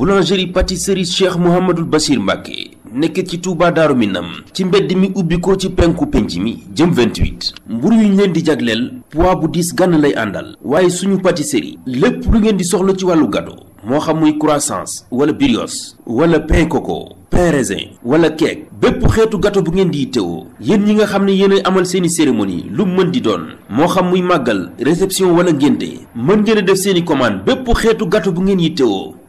boulangerie pâtisserie cheikh mouhamadul basir mbàkke nekk ci Touba Daaru Minam ci mbedd mi ubbi ko ci penku penc mi jëm 28 mburu yu ñu leen di jagleel poids bu diis gànn lay àndal waaye suñu pâtisserie lépp lu ngeen di soxla ci wàllu gâteau moo xam muy croissants wala brioche wala pain coco pain raisin wala cake bépp xeetu gato bu ngeen di yittewoo yéen ñi nga xam ne yéen amal seeni cérémonie lu mën di doon moo xam muy màggal réception wala ngénte mën ngeen a def seeni commande bépp xeetu gâteau bu ngeen yittewoo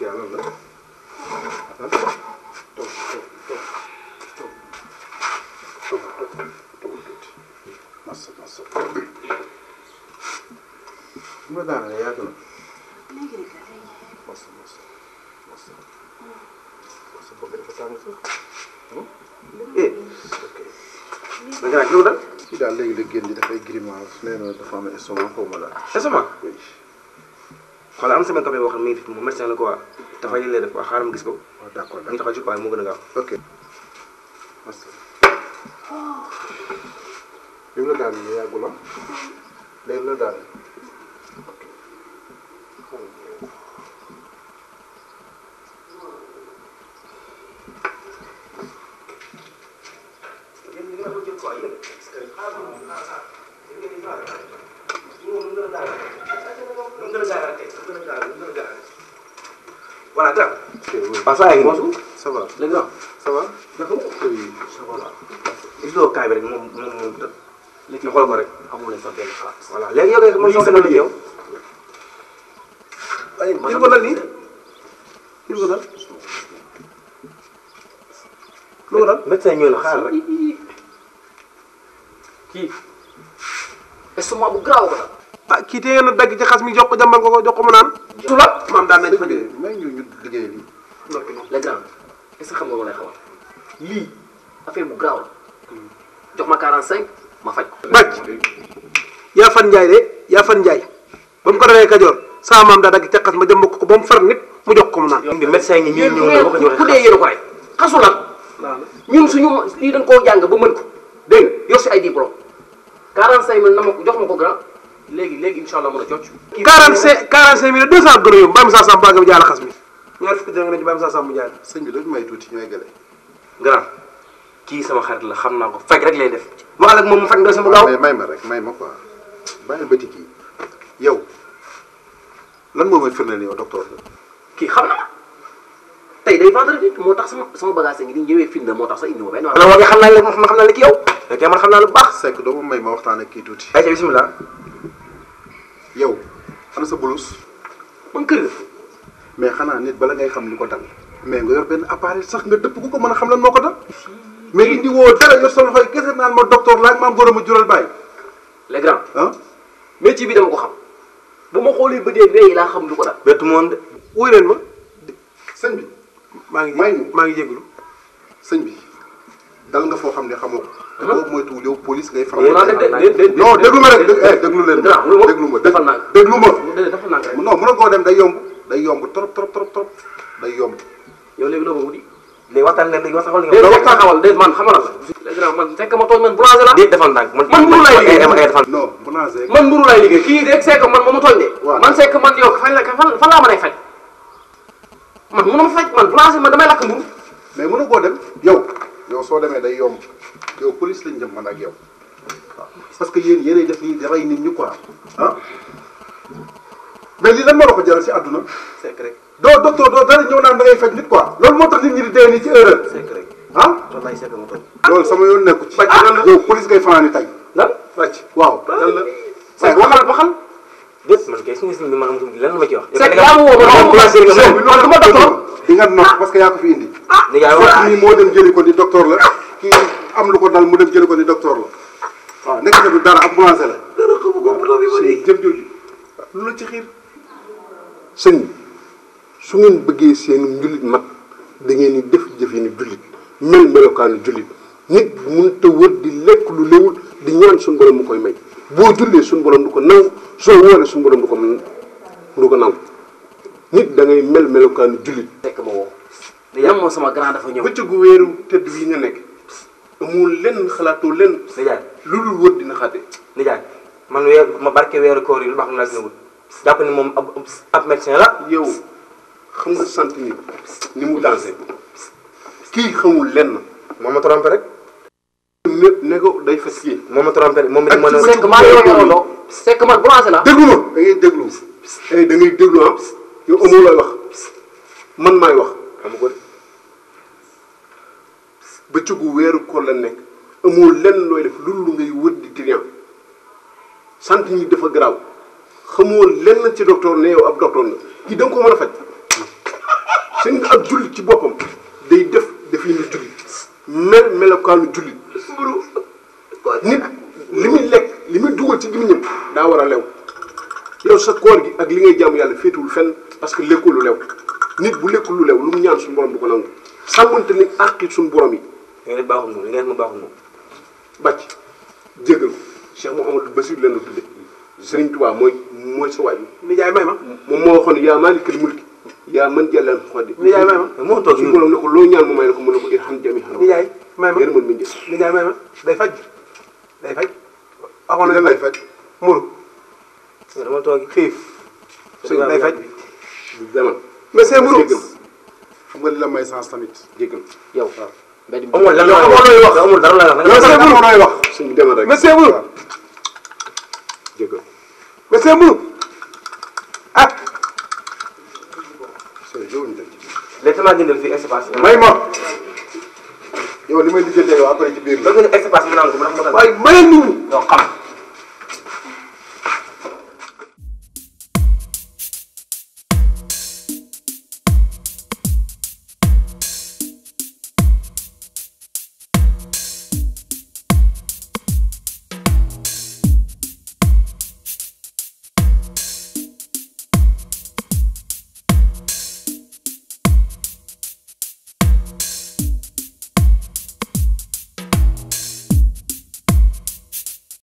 Cristiano loolu la i toog toog toog toog toog toog tuuti massa massa su ma daanaka yàgg na massa massa massa massa bopp dafa tàng sax da nga nag loolu la kii daal léegi la génn dafay grimace nee na dafa am estomac xaw ma la estomac xoolal am sama copain boo xam ne mi ngi fi mu médecin la quoi. dafay lay def waaw xaaral ma gis ko. waaw ah, d'accord ñu taxaw ci quoi moo gën a gaaw. ok. bi mu la daal yàggul ah. léegi la daal. Voilà, grave. waaw saa yaa ngi mosu. ça va léegi nag. ça va naka. oui ça va. gis nga kaay bi rek moom moom moom léegi ñu xool ko rek amul sax benn xalaat. voilà léegi yow kay man soxna na yow. ay man ko dal nii. kii ko dal. lu ko dal médecin ñëw na xaaral rek. kii. estomac bu garaaw ko dal. ta kii téye na dagg ci xas mi jox ko jàmbal ko ko jox ko mu naan. suba bu garaaw jox ma 45 ma faj ko. yaa fan Ndiaye de ba mu ko defee Kajoor saa maam daa dagg ca xas ma jàmbal ko ko ba mu far nit mu jox ko mu naan. yow médecin yi ñu ñëw na dee yéen xasu lan ñun suñu lii dañ koo jàng ba mën ko dégg nga yor si ay diplôme 45 mille na ma ko jox ma ko grand. léegi léegi incha allah mën a cocc. quarante cinq quarante cinq mille deux cent gërëm Mbaye Moussa Samb Mbaye Moussa bi doon may tuuti ñooy gële. grand kii sama xarit la xam naa ko faj lay def waxal moom mu faj sama gaaw. mais may ma rek may ma quoi bàyyi bëti kii yow lan moo kii xam na ma tey day vendredi moo naa la ma xam naa la ki yow. ok xam naa lu baax. Seck doo ma may ma waxtaan ak kii tuuti. ayca bisimilah. yow xam ana sa blouse man kër mais xanaa nit bala ngay xam li ko dal mais nga yor benn appareil sax nga dëpp ku ko mën a xam lan moo ko dal mais indi woo dara yor sa loxo yi kese naan ma docteur laaj maam góor ma jural bàyyi les grands ah métier bi dama ko xam bu ma xoolee ba dee veille laa xam lu ko dal bettu moon de wuy leen ma sëñ bi maa ngi maa ngi jégalu sëñ bi dal nga foo xam ne xamoo ko. te ah. boobu mooy tuul yow police ngay faral. non déglu ma rek eh, déglu leen ma déglu ma déglu ma déglu ma. non mën na koo dem day yomb day yomb trop trop trop trop day yomb. yow léegi loo ko wuti. léegi waxtaan leen léegi waxtaan wala nga. waxtaan xawal déet man xamal la. léegi man fekk ma tooñ man boulanger la. déet defal ndànk man man mburu laay liggéey. Eh, eh, non boulanger. man mburu laay liggéey kii rek c'est que man ma ma tooñ de. waaw man c'est que man yow fan la fan laa mën a faj. man mënuma faj man boulanger man damay lakk mburu mais mën na koo dem yow yow soo demee day yomb yow police lañ jëm man ak yow parce que yéen yéenay def nii di rey nit ñi quoi ah mais lii lan moo la ko jaral adduna àdduna. c'est vrai doo docteur doo dara ñëw naan da ngay faj nit quoi loolu moo tax nit ñi di dee nii ci erreur. sama yoon nekku ci. faj lan la yow police ngay fanaani tey. lan faj la. c'est waxal waxal. man kay suñu si man lan la ma ci wax. c'est que yaa ma woo ma. non non non di nga nopp parce que yaa ko fi ah, ah, moo dem jëli ko ni docteur la kii am lu ko dal mu dem ko ni docteur waaw nekk na du dara ab branché la. dara xamu ko bu yi jëm jooju la ci xiir. su ngeen bëggee seen njullit mat da ngeen def jëfee ni jullit mel melokaanu jullit nit mënut a di lekk lu lewul di ñaan suñu borom mu koy may boo jullee suñu borom du ko nangu soo woolee suñu borom du ko ko nangu. nit dangay ngay mel melokaanu jullit. fekk ma woo. yan moom sama grand dafa ñëw. bëccëgu weeru tëdd wi nga nekk amul lenn xalaatoo lenn. nijaay lu dina xaate. nijaay ma barke weeru koor yi lu baax la laa wut jàpp ne moom ab ab médecin la. yow xam nga sant ni ni mu dansé kii xamul lenn. moo ma trompé rek. ne day fas kii. moo ma trompé rek moom it ma. ak ci bëccëgu weeru koor yi sekk maa la. déglu ma da ngay déglu eh, ah. yow amoo looy wax man maay wax xam ko de bëccëgu weeru koor la nekk amoo lenn looy def loolu ngay wër di sant ñi dafa garaaw xamoo lenn ci docteur ne yow ab docteur nga kii da ko mën a faj seen ak jullit ci boppam day def daf yi nu jullit mel melokaanu jullit nit li muy lekk li muy dugal ci gémmiñam daa war a lew yow sa koor gi ak li ngay jaamu yàlla féetuwul fenn parce que lekku lu lew bu lekku lu lew lu mu ñaan suñu borom du ko nangu sàmmante ni àqi suñu borom yi. da ngeen baaxul moom da ngeen ma baaxul moom. bàcc jégal ko Cheikh Mouhamadou leen la tudde Serigne Touba mooy mooy may ma. moom moo waxoon yaa maalikal mulki yaa man jàllale xol di. nijaay may ma moo toog suñu borom ne ko loo ñaan mu may la ko mën na ko irham jami xanaa. nijaay may ma ngeen mën mi jël. nijaay may ma day faj day faj. waxoon nañu lay faj muur. dama faj. demal. mais c'est mbiru xam nga li la may sens tamit jégal yow waaw. mbedd mi amul lan looy wax amul dara looy wax. mais c'est mbiru looy wax. suñu demal rek mais c'est mbiru. jégal mais c'est mbiru ah. laissez-moi dindal fii espace. may ma. yow li may lijjatee yow après ci biir. loolu nga ne espace mu naan ko mu naan ko. waaye maye nit ñi. ñoo xam.